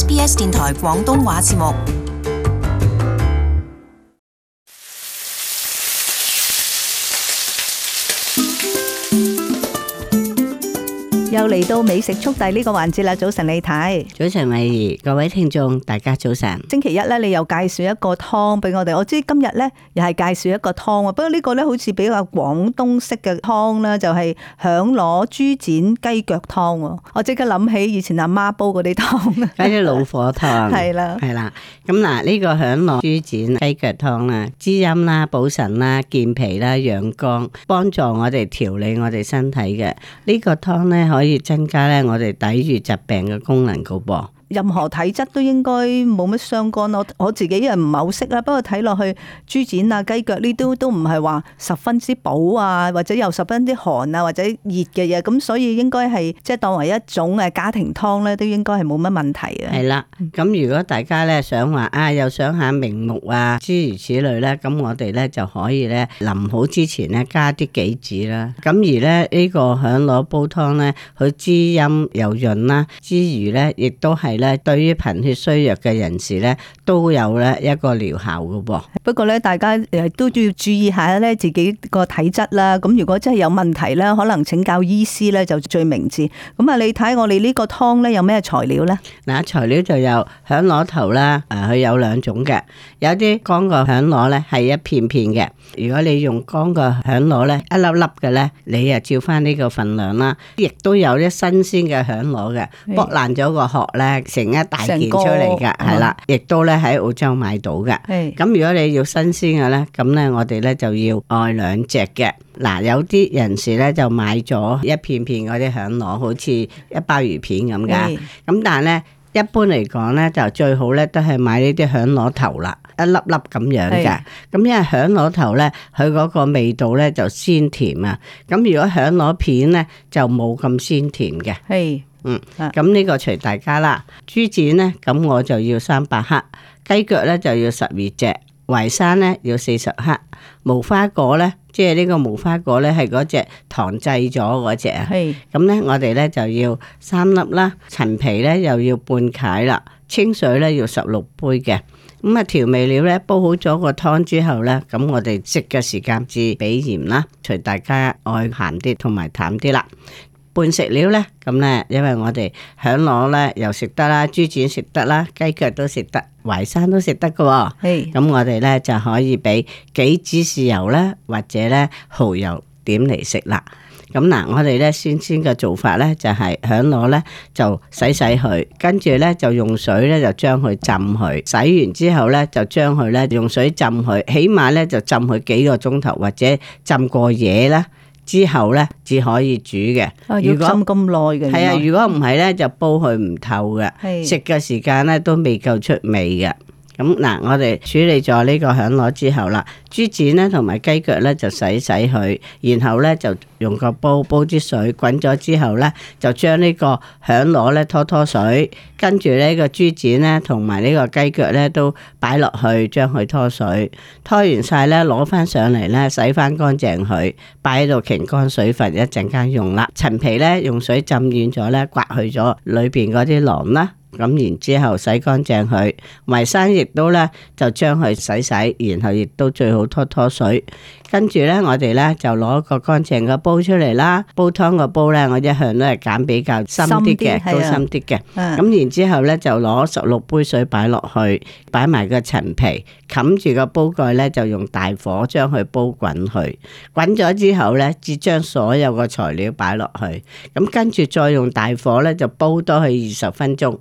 SBS 電台廣東話節目。又嚟到美食速遞呢個環節啦！早晨你睇，早晨美儀各位聽眾，大家早晨。星期一咧，你又介紹一個湯俾我哋。我知今日咧又係介紹一個湯啊。不過呢個咧好似比較廣東式嘅湯啦，就係響螺豬展雞腳湯。我即刻諗起以前阿媽煲嗰啲湯，嗰啲老火湯。係啦，係啦。咁嗱，呢個響螺豬展雞腳湯啦，滋陰啦，補腎啦，健脾啦，養肝，幫助我哋調理我哋身體嘅呢個湯咧可以。可以增加我哋抵禦疾病嘅功能。任何體質都應該冇乜相干咯。我自己因為唔係好識啦，不過睇落去豬展啊、雞腳呢，都都唔係話十分之補啊，或者又十分之寒啊，或者熱嘅嘢，咁所以應該係即係當為一種嘅家庭湯咧，都應該係冇乜問題嘅。係啦，咁如果大家咧想話啊，又想下明目啊，諸如此類咧，咁我哋咧就可以咧臨好之前咧加啲杞子啦。咁、啊、而咧呢、呢個響螺煲湯咧，佢滋陰又滋潤啦，之餘咧亦都係。咧，對於貧血衰弱嘅人士咧，都有咧一個療效嘅。不過咧，大家誒都要注意下咧，自己個體質啦。咁如果真係有問題咧，可能請教醫師咧就最明智。咁啊，你睇我哋呢個湯咧有咩材料咧？嗱，材料就有響螺頭啦。誒，佢有兩種嘅，有啲乾個響螺咧係一片片嘅。如果你用乾個響螺咧一粒粒嘅咧，你啊照翻呢個份量啦。亦都有啲新鮮嘅響螺嘅，剝爛咗個殼咧，成一大件出嚟噶，係啦，亦都咧喺澳洲買到嘅。咁如果你要新鮮嘅咧，咁咧我哋咧就要愛兩隻嘅。嗱，有啲人士咧就買咗一片片嗰啲響螺，好似一包魚片咁嘅。咁但係咧，一般嚟講咧，就最好咧都係買呢啲響螺頭啦，一粒粒咁樣嘅。咁因為響螺頭咧，佢嗰個味道咧就鮮甜啊。咁如果響螺片咧，就冇咁鮮甜嘅。係。嗯，咁呢個隨大家啦。豬展呢，咁我就要三百克；雞腳呢，就要十二隻；淮山呢，要四十克；無花果呢，即係呢個無花果呢，係嗰隻糖製咗嗰隻啊。係是。咁呢，我哋呢，就要三粒啦。陳皮呢，又要半梘啦。清水呢，要十六杯嘅。咁啊，調味料呢，煲好咗個湯之後呢，咁我哋食嘅時間至俾鹽啦，隨大家愛鹹啲同埋淡啲啦。半食料咧，咁咧，因為我哋響螺咧又食得啦，豬展食得啦，雞腳都食得，淮山都食得嘅喎。咁我哋咧就可以俾杞子豉油咧，或者咧蠔油點嚟食啦。咁嗱，我哋咧先先嘅做法咧就係響螺咧就洗洗佢，跟住咧就用水咧就將佢浸佢，洗完之後咧就將佢咧用水浸佢，起碼咧就浸佢幾個鐘頭或者浸過夜啦。之後呢，只可以煮嘅。啊、如果咁耐唔係呢，就煲佢唔透嘅。是食嘅時間呢，都未夠出味嘅。咁嗱、嗯，我哋處理咗呢個響螺之後啦，豬展咧同埋雞腳咧就洗洗佢，然後咧就用個煲煲啲水滾咗之後咧，就將呢個響螺咧拖拖水，跟住呢、呢個豬展咧同埋呢個雞腳咧都擺落去將佢拖水，拖完晒咧攞翻上嚟咧洗翻乾淨佢，擺喺度擎乾水分一陣間用啦。陳皮咧用水浸軟咗咧，刮去咗裏邊嗰啲囊啦。咁然之後洗乾淨佢，淮山亦都咧就將佢洗洗，然後亦都最好拖拖水。跟住咧，我哋咧就攞個乾淨嘅煲出嚟啦，煲湯個煲咧，我一向都係揀比較深啲嘅，深都深啲嘅。咁然之後咧，就攞十六杯水擺落去，擺埋個陳皮，冚住個煲蓋咧，就用大火將佢煲滾佢。滾咗之後咧，至將所有個材料擺落去，咁跟住再用大火咧就煲多佢二十分鐘。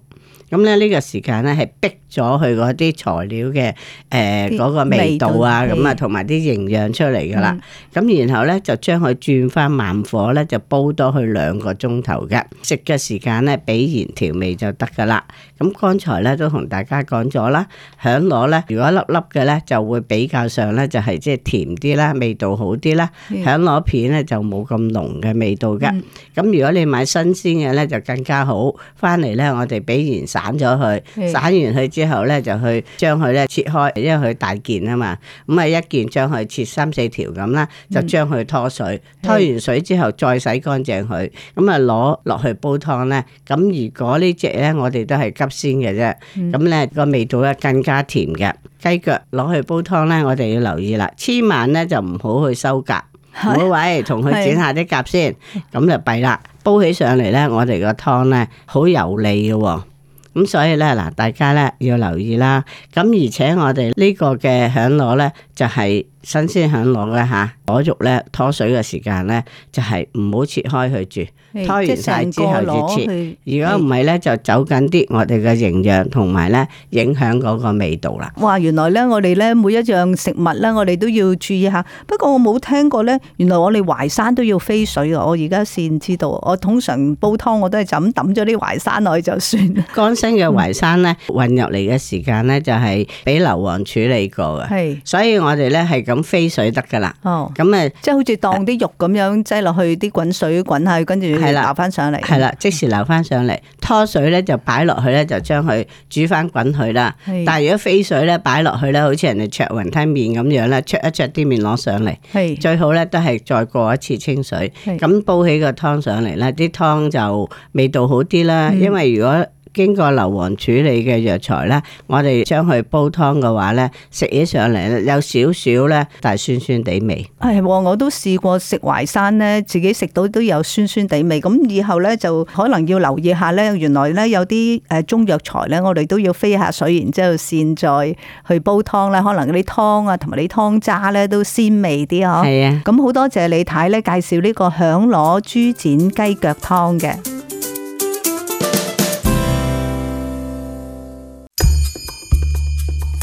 咁呢個時間咧係逼。咗佢嗰啲材料嘅，誒嗰個味道啊，咁啊，同埋啲營養出嚟噶啦。咁然後咧就將佢轉翻慢火咧，就煲多佢兩個鐘頭嘅。食嘅時間咧，俾鹽調味就得噶啦。咁剛才咧都同大家講咗啦，響螺咧，如果粒粒嘅咧，就會比較上咧就係即係甜啲啦，味道好啲啦。響螺片咧就冇咁濃嘅味道嘅。咁如果你買新鮮嘅咧就更加好。翻嚟咧我哋俾鹽散咗佢，散完佢之後。之後咧就去將佢咧切開，因為佢大件啊嘛，咁啊一件將佢切三四條咁啦，就將佢拖水，嗯、拖完水之後再洗乾淨佢，咁啊攞落去煲湯咧。咁如果呢隻咧，我哋都係急鮮嘅啫，咁咧個味道咧更加甜嘅。雞腳攞去煲湯咧，我哋要留意啦，千萬咧就唔好去收甲。唔好話同佢剪下啲甲先，咁是就弊啦。煲起上嚟咧，我哋個湯咧好油膩嘅，哦。咁所以咧嗱，大家咧要留意啦。咁而且我哋呢個嘅響螺咧。就係新鮮響螺啦。嚇，螺肉咧拖水嘅時間咧，就係唔好切開去煮。是拖完曬之後再切。如果唔係咧，就走緊啲我哋嘅營養同埋咧影響嗰個味道啦。哇，原來咧我哋咧每一樣食物咧，我哋都要注意下。不過我冇聽過咧，原來我哋淮山都要飛水㗎。我而家先知道。我通常煲湯我都係就咁揼咗啲淮山落去就算。 乾身嘅淮山咧運入嚟嘅時間咧就係俾硫磺處理過嘅，係，所以。我哋咧係咁飛水得噶啦咁、哦、啊，即係好似當啲肉咁樣擠落去啲滾水滾下，跟住撈翻上嚟，係啦的、嗯，即時撈翻上嚟。拖水咧就擺落去咧，就將佢煮翻滾佢啦。的但係如果飛水咧擺落去咧，好似人哋灼雲吞麪咁樣咧，灼一灼啲麪攞上嚟，最好咧都係再過一次清水，咁煲的的起個湯上嚟咧，啲湯就味道好啲啦。因為如果經過硫磺處理嘅藥材咧，我哋將佢煲湯嘅話咧，食起上嚟有少少咧，但係酸酸地味。係喎、哎，我都試過食淮山咧，自己食到都有酸酸地味。咁以後咧就可能要留意下咧，原來咧有啲誒中藥材咧，我哋都要飛下水，然之後先再去煲湯啦。可能啲湯啊，同埋啲湯渣咧都鮮味啲哦。係啊，咁好多謝你太咧介紹呢、這個響螺豬展雞腳湯嘅。